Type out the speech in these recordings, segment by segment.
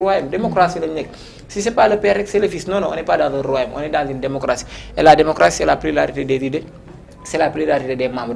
royaume démocratie lañu nekk si c'est pas le père rek c'est le fils non non on n'est pas dans un royaume on est dans démocratie et la démocratie c'est la pluralité des idées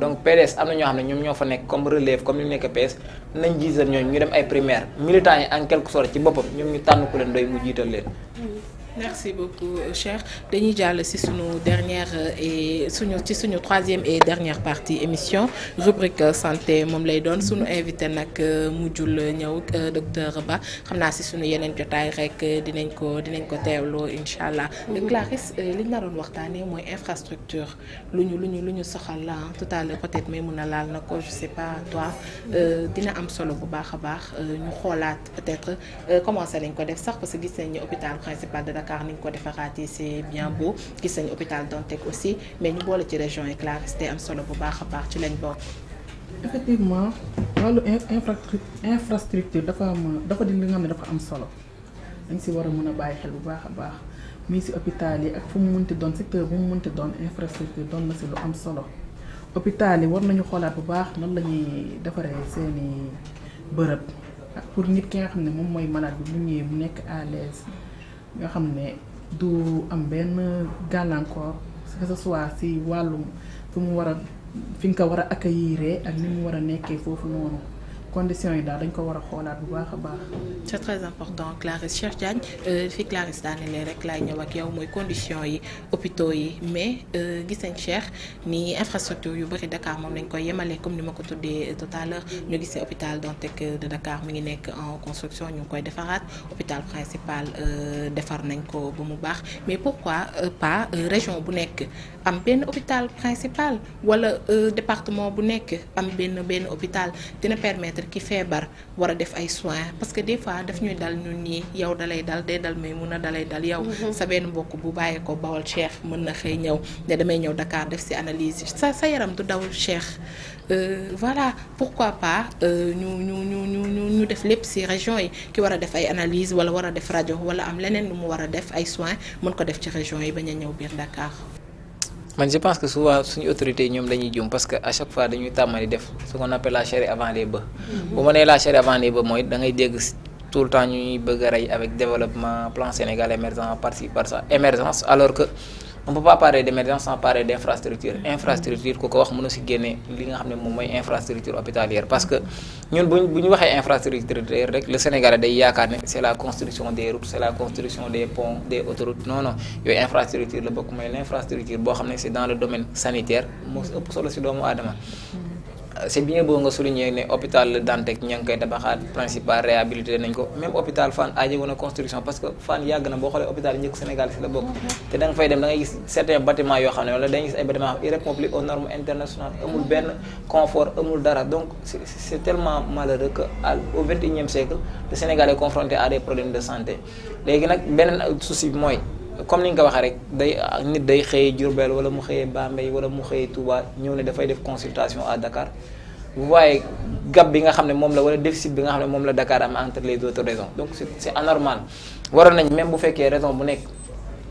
donc PDS am na ñoo xam ne ñoom ñoo fa nekk comme relève comme ni mu nekk PS nañ jiital ñooñu ñu dem ay primaire militants yi en quelque sorte ci boppam ñoom ñu tànn doy mu jiital leen mm. merci beaucoup euh, Cheikh dañuy jàll ci suñu dernière euh, et suñu ci suñu troisième et dernière émission rubrique euh, santé moom lay doon suñu invité nag mujjul ñëw docteur Ba xam naa ci suñu yeneen jotaay rek dinañ ko dinañ ko teewloo incha allah. Mm-hmm. Clarisse li ñu la doon waxtaanee mooy infrastructure lu ñu lu ñu lu ñu soxal la tout à peut-être may mun a laal na ko je sais pas toi mm-hmm. dina am solo bu baax a baax ñu xoolaat peut-être nañ ko def sax parce que gis nañ ni hôpital principal de Dakar ni ñu ko defaraatee c'est bien beau gis nañu hôpital Dantec aussi mais ñu boole ci région yi clarté am solo bu baax a baax ci lañ bokk. effectivement wàllu infrastructure dafa am dafa di li nga xam ne dafa am solo dañ si war a mun a bàyyi xel bu baax a baax muy si hôpital yi ak fu mu mun ti doon secteur bu mu ti doon infrastructure doon na si lu am solo hôpital yi war nañu xoolaat bu baax noonu lañuy ñuy defaree seeni bërëb pour nit ki nga xam ne moom mooy malade bi mu ñëwee mu nekk nga xam ne du am benn gàllankoor que ce soit si wàllum fu mu war a fi nga ko war a accueillir ak ni mu war a nekkee foofu noonu. conditions yi daal dañ ko war a xoolaat bu baax a baax. c' est très important Clarisse Cheikh Diagne euh, fi Clarisse daanelee rek laay ñëw ak yow mooy conditions yi hôpitaux yi mais euh, gis nañ Cheikh ni infrastructure yu bari Dakar moom lañ koy yemalee comme ni ma ko tuddee euh, tout ñu gis ne hôpital Dantec de Dakar mi ngi nekk en construction ñu ngi koy defaraat hôpital principal defar nañ ko ba mu baax mais pourquoi pas région bu nekk am benn hôpital principal wala département bu nekk am benn benn hôpital permettre. peut ki feebar war a def ay soins parce que des fois daf ñuy dal ñun nii yow dalay dal day dal may mun a dalay dal yow. Mm-hmm. sa benn mbokk bu bàyyee ko bawal cheikh mën na xëy ñëw ne damay ñëw Dakar def si analyse sa sa yaram du dawul cheikh euh, voilà pourquoi pas euh, ñu ñu ñu ñu ñu def lépp si région yi ki war a def ay analyse wala war a def rajo wala am leneen lu mu war a def ay soins mën ko def ci région yi bañ a ñëw biir Dakar. man je pense que souvent suñu autorité ñoom dañuy juum parce que à chaque fois dañuy tàmmali def ce qu'on appelle la chair avant les bœufs. Mhm. bu nee la chair avant les bœufs mooy da dégg tout le temps ñuy bëgg rey avec développement plan Sénégal émergent par ci par ça émergence alors que. on peut pas parler d'émergence sans parler d'infrastructure infrastructure ku ko wax mën a si génne li nga xam ne moom mooy infrastructure hôpitalière parce que ñun buñ bu ñu waxee infrastructure rek le Sénégalais day yaakaar ne c'est la construction des routes c'est la construction des ponts des autoroutes non yooyu infrastructure la bokk mooy l'infrastructure boo xam ne c'est dans le domaine sanitaire moo ëpp solo si doomu aadama c'est bien beau nga souligner ne hôpital Dantec ña ngi koy tabaxaat principal réhabilité nañ ko même hôpital fan aajé woon a construction parce que Fann yàgg na boo xoolee hôpital njëkk Sénégal si la bokk mhm. te da nga fay dem da gis certains bâtiments yoo xam ne wala dañuy gis ay bâtiments yi répondre aux normes internationales amul benn confort amul dara donc c'est tellement malheureux que au vingt et unième siècle le Sénégal confronté à de santé léegi nag beneen souci bi mooy comme ni nga ko waxee rek day nit day xëyee Diourbel wala mu xëyee Bambey wala mu xëyee Touba ñëw ne dafay def consultation à Dakar vous voyez gap bi nga xam ne moom la wala déficit bi nga xam ne moom la Dakar am entre les autres raisons donc c' est c' anormal waroon nañ même bu fekkee raison bu nekk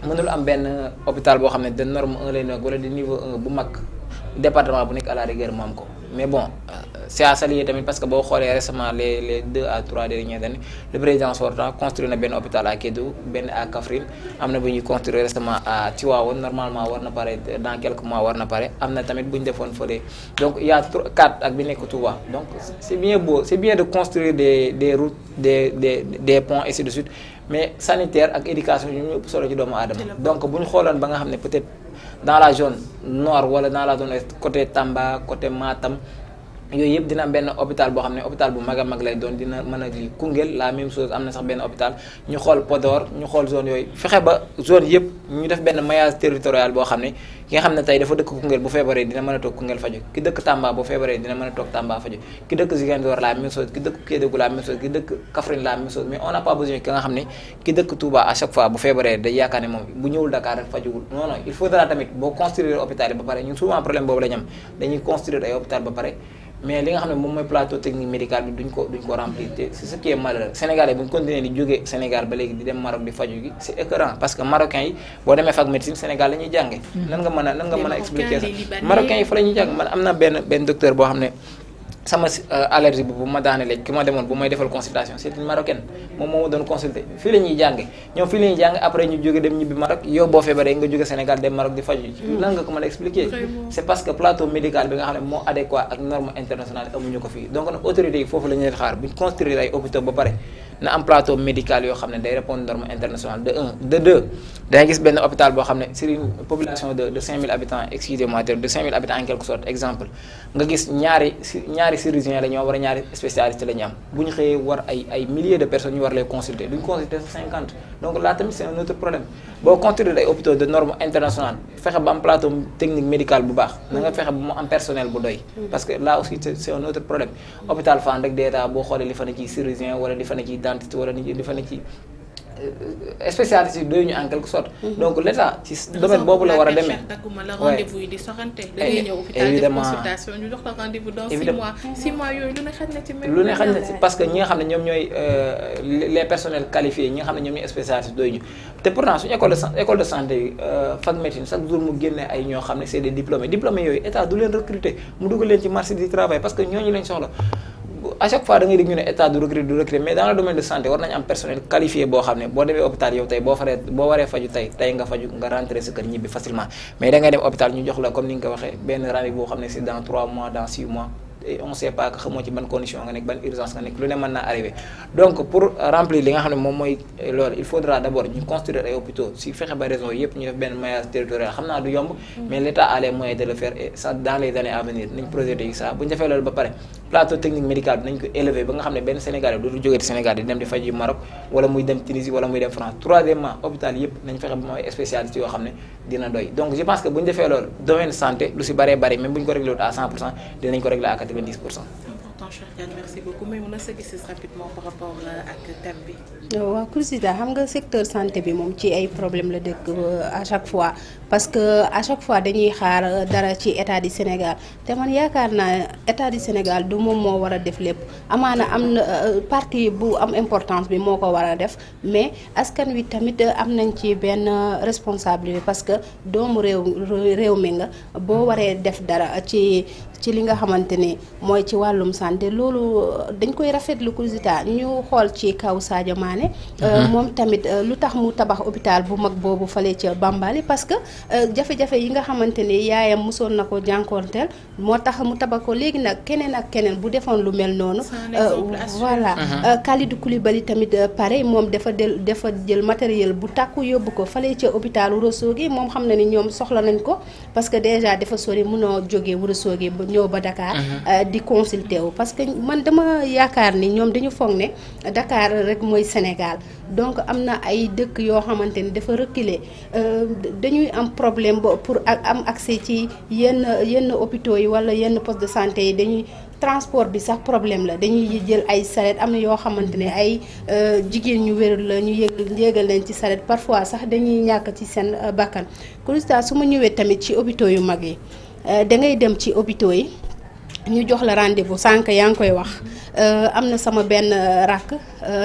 mënul am benn hôpital boo xam ne da norme 1 lay nekk wala di niveau bu mag département bu nekk à la rigueur am ko. mais bon euh, c'est à saluer tamit parce que boo xoolee récemment les les deux à trois dernières années le président sortant construit na benn hôpital à Kédougou benn à Kaffrine am na bu ñuy construire récemment à Tivaouane normalement war na pare dans quelques mois war na pare am na tamit bu ñu defoon fële donc il y a ak bi nekk Touba donc c'est bien beau c'est bien de construire des des routes des des des ponts ainsi de suite mais sanitaire ak éducation ñu ëpp solo ci doomu aadama donc bu ñu xooloon ba nga xam ne peut-être dans la zone nord wala dans la zone est côté Tamba côté Matam yooyu yëpp dina benn hôpital boo xam ne hôpital bu mag a mag lay doon dina mën a li Koungheul la même chose am na sax benn hôpital ñu xool Podor ñu xool zone yooyu fexe ba zone yëpp ñu def benn maillage territorial boo xam ne ki nga xam ne tey dafa dëkk Koungheul bu feebaree dina mën a toog Koungheul faju ki dëkk Tamba bu feebaree dina mën a toog Tamba faju ki dëkk Ziguinchor la même chose ki dëkk Kédougou ne ki dëkk Touba à chaque fois bu feebaree day yaakaar ne moom bu ñëwul Dakar rek fajuwul non non il faudra tamit boo construire hôpital yi ba pare ñun souvent problème boobu la ñu dañuy construire ay hôpital ba pare mais li nga xam ne moom mooy plateau technique médical bi duñ ko duñ ko remplir te ce qui est malheureux sénégalais bu ñu di jógee Sénégal ba léegi di dem Maroc di faju gi c'est écœurant parce que marocains yi boo demee fac médecine Sénégal la jànge nan nga mën nan nga mën a expliquer ça yi fa la ñuy man am na benn benn docteur boo xam ne sama euh, allergie bu ma daanalee ki ma demoon bu may defal consultation c'est une marocaine moom moo ma doon consulter fii la jànge ñoom fii la jànge après ñu jóge dem ñibbi Maroc yow boo feebaree nga jóge Sénégal dem Maroc di faju lan nga ko mën a expliquer c'est parce que plateau médical bi nga xam ne moo adéquat ak norme internationale amuñu ko fii donc nag autorités yi foofu la ñuy xaar buñ construire ay hôpitaux ba pare na am plateau médical yoo xam ne day répondre norme internationale dangay gis benn hôpital boo xam ne sur une population de de 5000 habitants excusez-moi de 5000 habitants en quelque sorte exemple nga gis ñaari ñaari chirurgien la ñu am wala ñaari spécialiste la am bu ñu xëyee war ay milliers de personnes ñu war les consulter duñ consulter sa donc là tamit c'est un autre problème boo construire ay hôpitaux de norme internationale fexe ba am plateau technique médical bu baax na nga fexe ba mu am personnel bu doy mm. parce que là aussi c'est un autre problème Euh, spécialistes yi doy ñu en quelque sorte. Mm-hmm. donc l'État ci domaine boobu la war a demee. dakkuma la rendez-vous lu ne xaj ne parce que ñi nga xam ne ñoom ñooy euh, les personnels qualifiés ñi nga xam ne ñoom ñooy spécialistes doy ñu. te pourtant suñu école école de santé yi euh, fac médecine chaque jour mu génne ay ñoo xam ne c'est des diplômés diplômés yooyu état du leen recruter mu dugal leen ci marché du travail parce que ñooñu lañ soxla. à chaque fois da ngay dégg ñu ne état du recruter du recruter mais dans le de santé war nañ am personnel qualifié boo xam ne boo demee hôpital yow tey boo faree boo waree faju tey tey nga faju nga rentré sa kër ñibbi facilement mais da dem hôpital ñu jox la comme ni nga ko benn rendez boo xam ne c'est dans 3 mois dans 6 mois et on xamoo ci ban condition nga nekk ban urgence nga nekk lu ne mën naa arrivé donc pour remplir li nga xam plateau technique médical bi nañ ko élevé ba nga xam ne benn Sénégalais dootul jógee Sénégal di dem di faj yu Maroc muy dem Tunisie wala muy dem France troisièmement hôpital yëpp nañ fexe ba mooy spécialité yoo xam ne dina doy donc je pense que bu ñu defee loolu domaine santé lu si bëree bëri même bu ko réglé wut à 100 pour cent dinañ ko réglé à 90 pour cent Cheikh Diagne merci beaucoup mais mën na sa gis rapidement par rapport euh, ak thème bi. Euh, waaw Kër Sida xam nga secteur santé bi moom ci ay problème la dëkk euh, à chaque fois parce que à chaque fois dañuy xaar dara ci état du Sénégal te man yaakaar naa état di Sénégal du moom moo war a def lépp amaana am na partie bu am importance bi moo ko war a def mais askan wi tamit am nañ ci benn responsabilité parce que doomu réew réew mi nga boo waree def dara ci. ci li nga xamante ni mooy ci wàllum santé loolu euh, dañ koy rafetlu Kourizita ñu xool ci kaw Sadio Mané. Euh, mhm. moom tamit euh, lu tax mu tabax hôpital bu mag boobu fale ca Bambali parce que jafe yi nga xamante ne yaayam mosoon na ko jànkoonteel moo tax mu tabax léegi nag keneen ak keneen bu defoon lu mel noonu. voilà mhm. Kalidou Koulibaly tamit pare moom dafa dël dafa jël matériel bu tàkku yóbbu ko fale ca hôpital Ourossogui moom xam na ni ñoom soxla nañ ko parce que déjà dafa sori mënoo jógee Ourossogui ñëw ba Dakar. Mhm. Euh, di consulter wu parce que man dama yaakaar ni ñoom dañu foog ne Dakar rek mooy Sénégal donc am na ay dëkk yoo xamante ne dafa reculer euh, dañuy am problème ba pour am accès ci yenn yenn hôpitaux yi wala yenn poste de santé yi dañuy. transport bi sax problème la dañuy jël ay saret am na yoo xamante ne ay euh, jigéen ñu wérul la ñu yëg yéegal leen ci saret parfois sax dañuy ñàkk ci seen bakkan constat su ma ñëwee tamit ci hôpitaux yu mag yi Euh, da ngay dem ci hôpitaux yi ñu jox la rendez-vous sànq yaa ngi koy wax euh, am na sama benn euh, rakk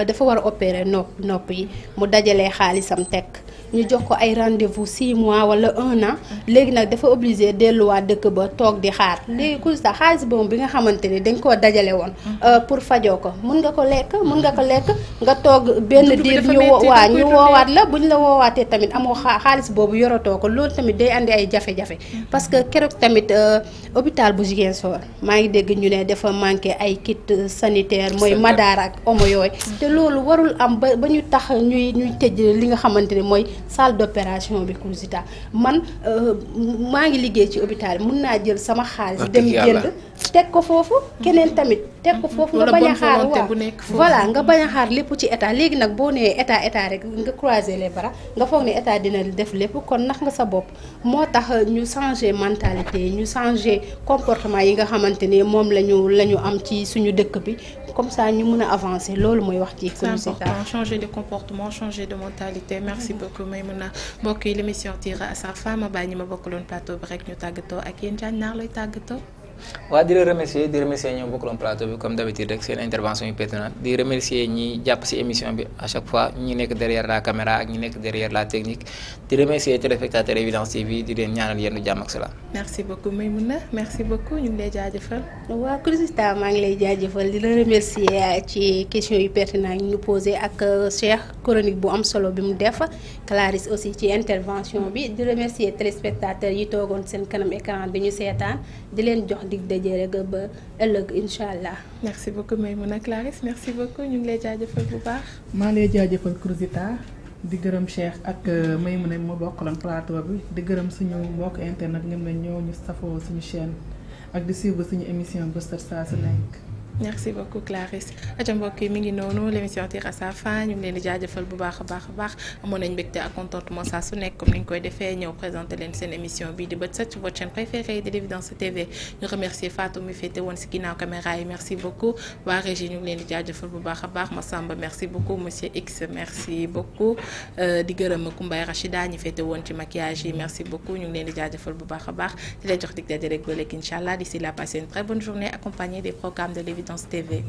dafa war a opérer nopp nopp yi mu dajalee xaalisam teg. ñu jox ko ay rendez-vous 6 mois wala 1 an léegi nag dafa obligé delluwaat dëkk ba toog di xaar léegi ku sa xaalis boobu bi nga xamante ni dañ koo dajale woon mm-hmm. euh, pour fajoo ko mun nga ko lekk mun nga ko mm-hmm. lekk nga toog benn diir ñu waa ñu woowaat la buñ la woowaatee tamit amoo xaalis boobu yoratoo ko loolu tamit day andi ay jafe-jafe mm-hmm. parce que keroog tamit euh, hôpital bu Ziguinchor maa ngi dégg ñu ne dafa manqué ay kit sanitaire mooy madaar ak omo yooyu te loolu warul am ba ba ñu tax ñuy ñuy tëj li nga xamante ne mooy salle d'opération bi Kourizita man euh, maa ngi liggéey ci hôpital mun naa jël sama xaalis dem jënd teg ko foofu keneen tamit teg ko foofu nga bañ a xaar waaw voilà nga bañ a xaar lépp ci état léegi nag boo nee état état rek nga croiser les bras nga foog ni état dina def lépp kon nax nga sa bopp moo tax ñu changer mentalité ñu changer comportement yi nga xamante ne moom la ñu la ñu am ci suñu dëkk bi comme ça ñu mën a avancer loolu mooy wax ci c'est important changer de comportement changer de mentalité merci mm-hmm. beaucoup Maïmouna mbokk yi l'émission tire à sa fin ma ñi ma bokkaloon plateau bi rek ñu tàggatoo ak yéen Diagne naar lay tàggatoo waa di la remercier di remercier ñoo bokkaloon plateau bi comme d'habitude rek seen intervention yu pertinente di remercier ñi jàpp ci émission bi à chaque fois ñi nekk derrière la caméra ak ñi nekk derrière la technique di remercier téléspectateurs Evidence TV di leen ñaanal ah, euh, bu am solo bi mu def Clarisse ci intervention bi di remercier téléspectateurs yi toogoon seen kanam écran bi ñu seetaan di leen jox. dig daje rek ba ëllëg incha allah. merci may beaucoup Maimouna Clarisse merci beaucoup ñu ngi lay jaajëfal bu baax. maa ngi lay jaajëfal Cruzita di gërëm Cheikh ak may euh, Maimouna ma bokk bokkaloon plateau bi di gërëm suñu mbokk internet ngeen ne ñoo ñu safoo suñu chaîne ak di suivre suñu émission bu set saa su nekk. merci beaucoup Clarisse aca mbokk yi mi ngi noonu l'émission tire ñu ngi leen di jaajëfal bu baax a baax a baax amoon nañ mbégte ak contentement saa su nekk comme ni ñu koy defee ñëw présenté leen seen émission bii di bët set sur votre chaîne préférée de l'évidence TV ñu remercier Fatou mi féete woon si ginnaaw caméra yi merci beaucoup waa régie ñu leen di jaajëfal bu baax a baax Massamba merci beaucoup monsieur X merci beaucoup euh, di gërëm Koumbaye Rachida ñi féete woon ci maquillage yi merci leen di bu baax ba léegi incha allah d'ici là Compétence TV.